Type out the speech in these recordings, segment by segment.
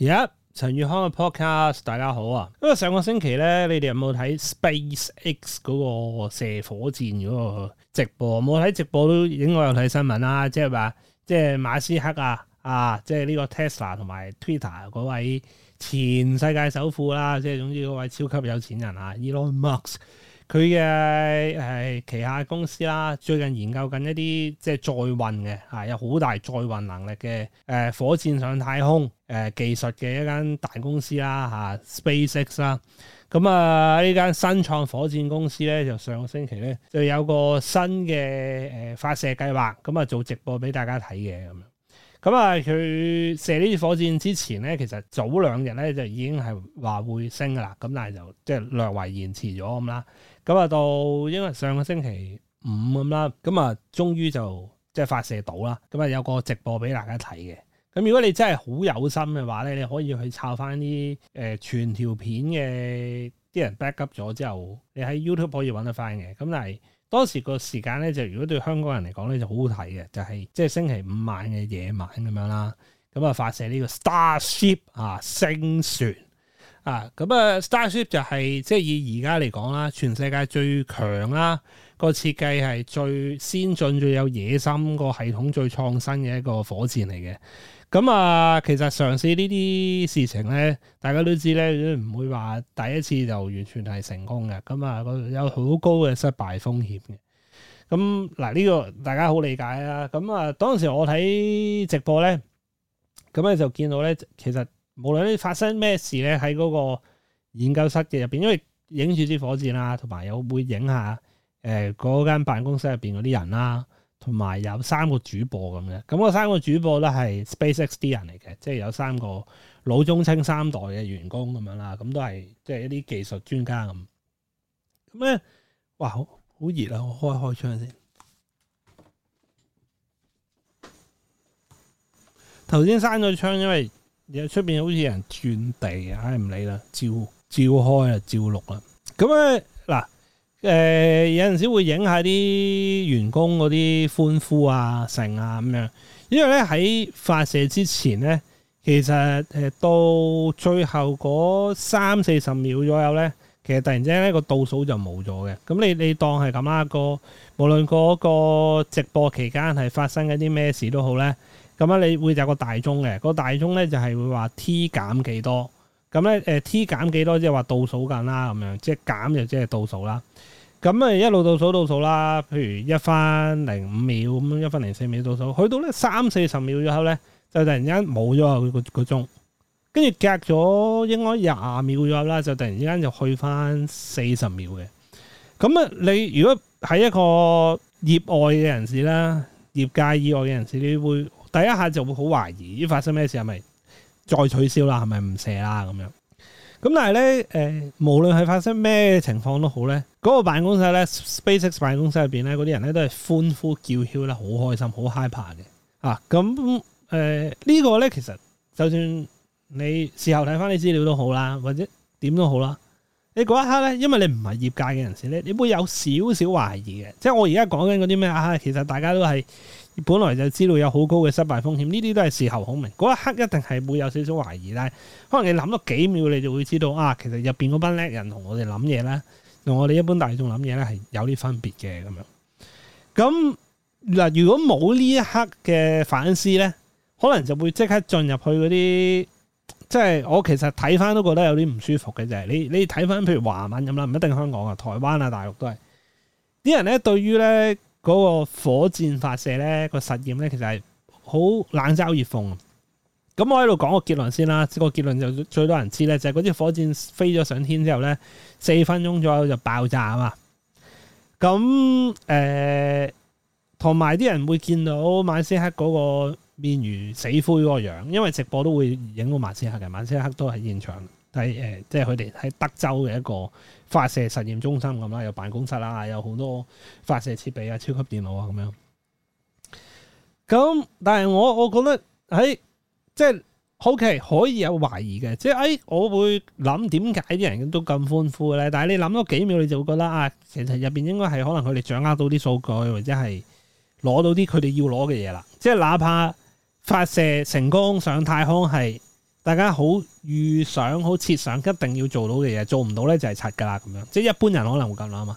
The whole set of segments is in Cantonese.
而家陳宇康嘅 podcast，大家好啊！因為上個星期咧，你哋有冇睇 SpaceX 嗰個射火箭嗰個直播？冇睇直播都應該有睇新聞啦，啊，即係話，即係馬斯克啊，啊，即係呢個 Tesla 同埋 Twitter 嗰位前世界首富啦，啊，即係總之嗰位超級有錢人啊，Elon Musk。佢嘅係旗下公司啦，最近研究緊一啲即係載運嘅嚇，有好大載運能力嘅火箭上太空技術嘅一間大公司啦嚇，SpaceX 啦。咁啊呢間新創火箭公司咧，就上個星期咧就有個新嘅誒發射計劃，咁啊做直播俾大家睇嘅咁樣。咁啊佢射呢支火箭之前咧，其實早兩日咧就已經係話會升噶啦，咁但係就即係略為延遲咗咁啦。咁啊到，因為上個星期五咁啦，咁啊終於就即係、就是、發射到啦，咁啊有個直播俾大家睇嘅。咁如果你真係好有心嘅話咧，你可以去抄翻啲誒全條片嘅啲人 backup 咗之後，你喺 YouTube 可以搵得翻嘅。咁但係當時個時間咧，就如果對香港人嚟講咧就好好睇嘅，就係即係星期五晚嘅夜晚咁樣啦。咁啊發射呢個 Starship 啊星船。啊，咁啊，Starship 就係、是、即係以而家嚟講啦，全世界最強啦，個設計係最先進、最有野心個系統、最創新嘅一個火箭嚟嘅。咁啊，其實嘗試呢啲事情咧，大家都知道咧，唔會話第一次就完全係成功嘅。咁啊，有好高嘅失敗風險嘅。咁嗱，呢、啊呢個大家好理解啊。咁啊，當時我睇直播咧，咁咧就見到咧，其實。無論你發生咩事咧，喺嗰個研究室嘅入邊，因為影住支火箭啦，同埋有會影下誒嗰間辦公室入邊嗰啲人啦，同埋有，有三個主播咁嘅。咁個三個主播咧係 SpaceX 啲人嚟嘅，即係有三個老中青三代嘅員工咁樣啦。咁都係即係一啲技術專家咁。咁咧，哇，好熱啊！我開開窗先。頭先閂咗窗，因為。而出面好似有人轉地，唉唔理啦，照照開啊，照錄啦。咁咧嗱，誒有陣時會影下啲員工嗰啲歡呼啊、聲啊咁樣。因為咧喺發射之前咧，其實誒到最後嗰三四十秒左右咧，其實突然之間咧個倒數就冇咗嘅。咁你你當係咁啊，個無論嗰個直播期間係發生緊啲咩事都好咧。咁咧，你會有個大鐘嘅、個大鐘咧，就係、是、會話 T 減幾多咁咧？誒 T 減幾多、就是，即係話倒數緊啦，咁樣即係減就即係倒數啦。咁啊一路倒數倒數啦，譬如一分零五秒咁，一分零四秒倒數去到咧三四十秒咗後咧，就突然間冇咗個個鐘，跟住隔咗應該廿秒咗啦，就突然之間就去翻四十秒嘅。咁啊，你如果喺一個業外嘅人士啦，業界以外嘅人士，你會，第一下就會好懷疑，而發生咩事係咪再取消啦？係咪唔射啦咁樣？咁但係咧，誒、呃，無論係發生咩情況都好咧，嗰個辦公室咧，SpaceX 辦公室入邊咧，嗰啲人咧都係歡呼叫囂咧，好開心，好害怕嘅啊！咁誒呢個咧，其實就算你事後睇翻啲資料都好啦，或者點都好啦，你嗰一刻咧，因為你唔係業界嘅人士咧，你會有少少懷疑嘅。即係我而家講緊嗰啲咩啊，其實大家都係。本來就知道有好高嘅失敗風險，呢啲都係事後孔明。嗰一刻一定係會有少少懷疑，但係可能你諗咗幾秒，你就會知道啊，其實入邊嗰班叻人同我哋諗嘢咧，同我哋一般大眾諗嘢咧係有啲分別嘅咁樣。咁嗱，如果冇呢一刻嘅反思咧，可能就會即刻進入去嗰啲，即係我其實睇翻都覺得有啲唔舒服嘅，就係你你睇翻譬如華文咁啦，唔一定香港啊，台灣啊、大陸都係啲人咧，對於咧。嗰個火箭發射咧個實驗咧，其實係好冷嘲熱諷。咁我喺度講個結論先啦，個結論就最多人知咧，就係嗰啲火箭飛咗上天之後咧，四分鐘左右就爆炸啊嘛！咁誒，同埋啲人會見到馬斯克嗰個面如死灰嗰個樣，因為直播都會影到馬斯克嘅，馬斯克都喺現場。喺誒，即係佢哋喺德州嘅一個發射實驗中心咁啦，有辦公室啦，有好多發射設備啊、超級電腦啊咁樣。咁但係我我覺得喺、欸、即係好奇，OK, 可以有懷疑嘅，即係誒、欸，我會諗點解啲人都咁歡呼咧？但係你諗咗幾秒，你就會覺得啊，其實入邊應該係可能佢哋掌握到啲數據，或者係攞到啲佢哋要攞嘅嘢啦。即係哪怕發射成功上太空係。大家好，預想好設想，一定要做到嘅嘢，做唔到呢就係柒㗎啦，咁樣即係一般人可能會咁諗嘛，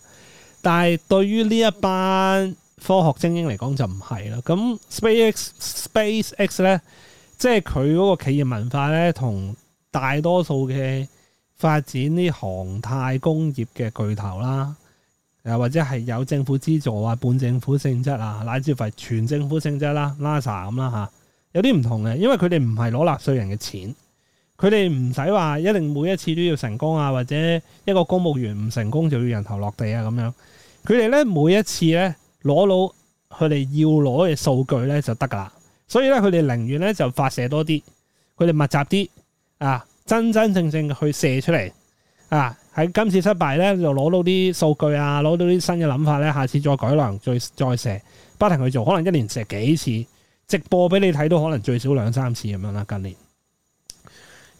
但係對於呢一班科學精英嚟講就唔係啦。咁 Space SpaceX 呢，即係佢嗰個企業文化呢，同大多數嘅發展啲航太工業嘅巨頭啦，又或者係有政府資助啊，半政府性質啊，乃至乎係全政府性質啦，NASA 咁啦吓有啲唔同嘅，因為佢哋唔係攞納稅人嘅錢，佢哋唔使話一定每一次都要成功啊，或者一個公務員唔成功就要人頭落地啊咁樣。佢哋咧每一次咧攞到佢哋要攞嘅數據咧就得噶啦，所以咧佢哋寧願咧就發射多啲，佢哋密集啲啊，真真正正去射出嚟啊。喺今次失敗咧就攞到啲數據啊，攞到啲新嘅諗法咧，下次再改良，再再射，不停去做，可能一年射幾次。直播俾你睇到，可能最少兩三次咁樣啦。近年，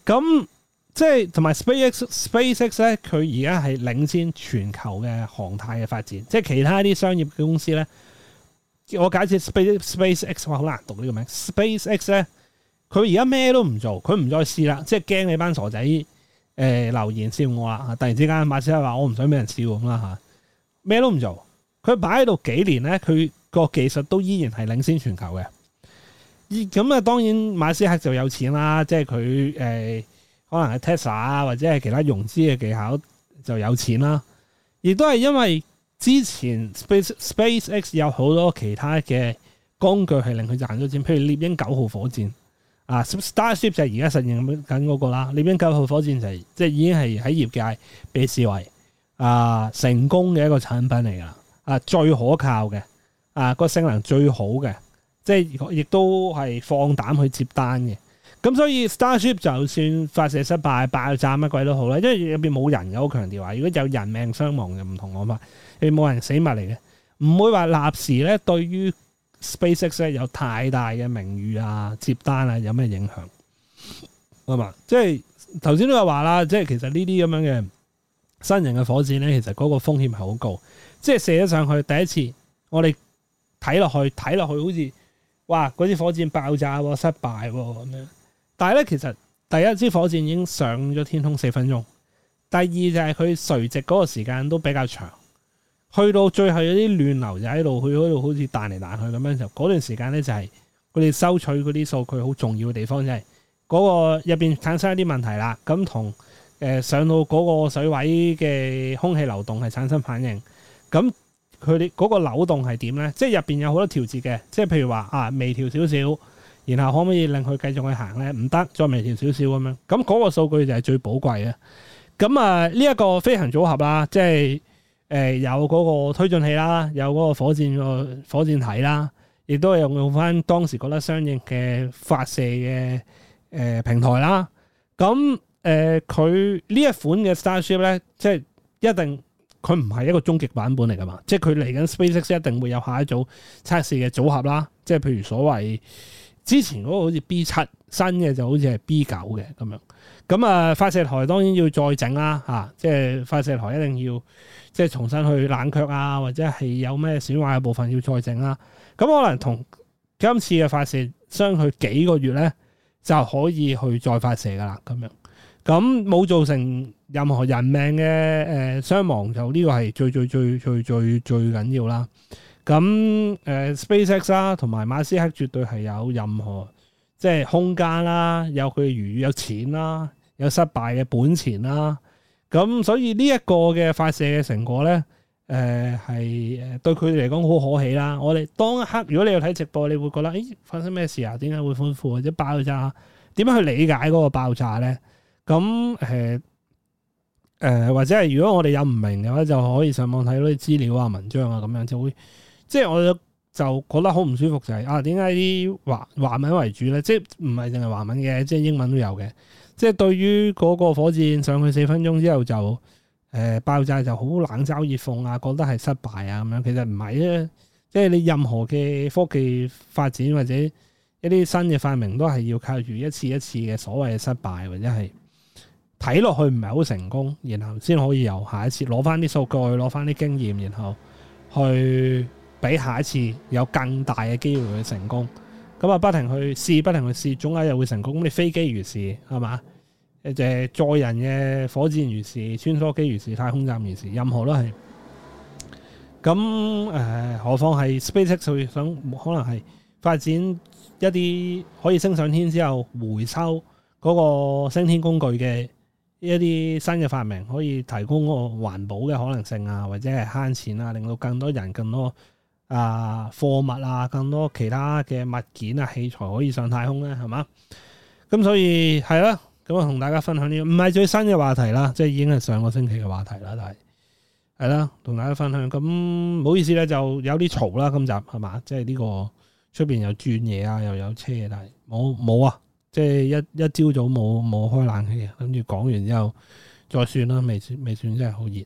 咁即係同埋 SpaceX，SpaceX 咧，佢而家係領先全球嘅航太嘅發展。即係其他啲商業嘅公司咧，我假設 SpaceX 話好難讀呢個名，SpaceX 咧，佢而家咩都唔做，佢唔再試啦。即係驚你班傻仔誒留言笑我啦！突然之間馬斯克話我唔想俾人笑咁啦吓，咩都唔做，佢擺喺度幾年咧，佢個技術都依然係領先全球嘅。咁啊，當然馬斯克就有錢啦，即係佢誒可能係 Tesla 啊，或者係其他融資嘅技巧就有錢啦。亦都係因為之前 Space SpaceX 有好多其他嘅工具係令佢賺咗錢，譬如獵鷹九號火箭啊，Starship 就而家實現緊嗰、那個啦。獵鷹九號火箭就係、是、即係已經係喺業界被視為啊成功嘅一個產品嚟㗎，啊最可靠嘅，啊個性能最好嘅。即係亦都係放膽去接單嘅，咁所以 Starship 就算發射失敗、爆炸乜鬼都好啦，因為入邊冇人嘅，好強調話，如果有人命傷亡嘅唔同我排，你冇人死物嚟嘅，唔會話立時咧，對於 SpaceX 有太大嘅名譽啊、接單啊有咩影響？啱唔啱？即係頭先都有話啦，即係其實呢啲咁樣嘅新型嘅火箭咧，其實嗰個風險係好高，即係射咗上去第一次我，我哋睇落去睇落去好似。哇！嗰支火箭爆炸喎，失敗喎咁樣。但係咧，其實第一支火箭已經上咗天空四分鐘。第二就係佢垂直嗰個時間都比較長，去到最後有啲亂流就喺度，去嗰度好似彈嚟彈去咁樣。就嗰段時間咧，就係佢哋收取嗰啲數據好重要嘅地方，即係嗰個入邊產生一啲問題啦。咁同誒上到嗰個水位嘅空氣流動係產生反應咁。佢哋嗰個扭動係點咧？即係入邊有好多調節嘅，即係譬如話啊，微調少少，然後可唔可以令佢繼續去行咧？唔得，再微調少少咁樣。咁嗰個數據就係最寶貴嘅。咁啊，呢、這、一個飛行組合啦，即係誒、呃、有嗰個推進器啦，有嗰個火箭個火箭體啦，亦都係用用翻當時覺得相應嘅發射嘅誒、呃、平台啦。咁誒佢呢一款嘅 Starship 咧，即係一定。佢唔係一個終極版本嚟㗎嘛，即係佢嚟緊 SpaceX 一定會有下一組測試嘅組合啦，即係譬如所謂之前嗰個好似 B 七新嘅就好似係 B 九嘅咁樣，咁、嗯、啊發射台當然要再整啦嚇、啊，即係發射台一定要即係重新去冷卻啊，或者係有咩損壞嘅部分要再整啦，咁可能同今次嘅發射相距幾個月咧就可以去再發射㗎啦，咁樣。咁冇造成任何人命嘅誒傷亡，就呢個係最最最最最最緊要啦。咁 SpaceX 啦同埋馬斯克絕對係有任何即係空間啦，有佢餘裕，有錢啦，有失敗嘅本錢啦。咁所以呢一個嘅發射嘅成果咧，係、呃、誒對佢哋嚟講好可喜啦。我哋當一刻如果你要睇直播，你會覺得咦，發生咩事啊？點解會歡呼？或者爆炸？點樣去理解嗰個爆炸咧？咁誒誒，或者係如果我哋有唔明嘅話，就可以上網睇啲資料啊、文章啊咁樣，就會即係我就覺得好唔舒服就係、是、啊，點解啲華華文為主咧？即係唔係淨係華文嘅，即係英文都有嘅。即係對於嗰個火箭上去四分鐘之後就誒、呃、爆炸就好冷嘲熱諷啊，覺得係失敗啊咁樣。其實唔係啊，即係你任何嘅科技發展或者一啲新嘅發明都係要靠住一次一次嘅所謂嘅失敗或者係。睇落去唔係好成功，然後先可以由下一次攞翻啲數據，攞翻啲經驗，然後去俾下一次有更大嘅機會去成功。咁啊，不停去試，不停去試，總有又會成功。咁你飛機如是係嘛？誒，載人嘅火箭如是，穿梭機如是，太空站如是，任何都係。咁誒、呃，何況係 SpaceX 佢想可能係發展一啲可以升上天之後回收嗰個升天工具嘅。一啲新嘅發明可以提供個環保嘅可能性啊，或者係慳錢啊，令到更多人、更多啊貨物啊、更多其他嘅物件啊器材可以上太空咧，係嘛？咁所以係咯，咁啊同大家分享呢、這個，唔係最新嘅話題啦，即係已經係上個星期嘅話題啦，但係係啦，同大家分享。咁唔好意思咧，就有啲嘈啦，今集係嘛？即係呢、這個出邊有轉嘢啊，又有車，但係冇冇啊？即係一一朝早冇冇開冷氣嘅，跟住講完之後再算啦，未算未算真係好熱，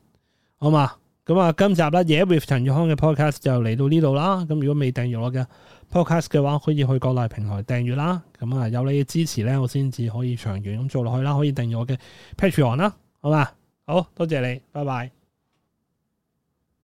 好嘛？咁啊，今集咧，嘢、yeah、with 陳玉康嘅 podcast 就嚟到呢度啦。咁如果未訂閱我嘅 podcast 嘅話，可以去各大平台訂閱啦。咁啊，有你嘅支持咧，我先至可以長遠咁做落去啦。可以訂閱我嘅 Patreon 啦，好嘛？好多謝你，拜拜。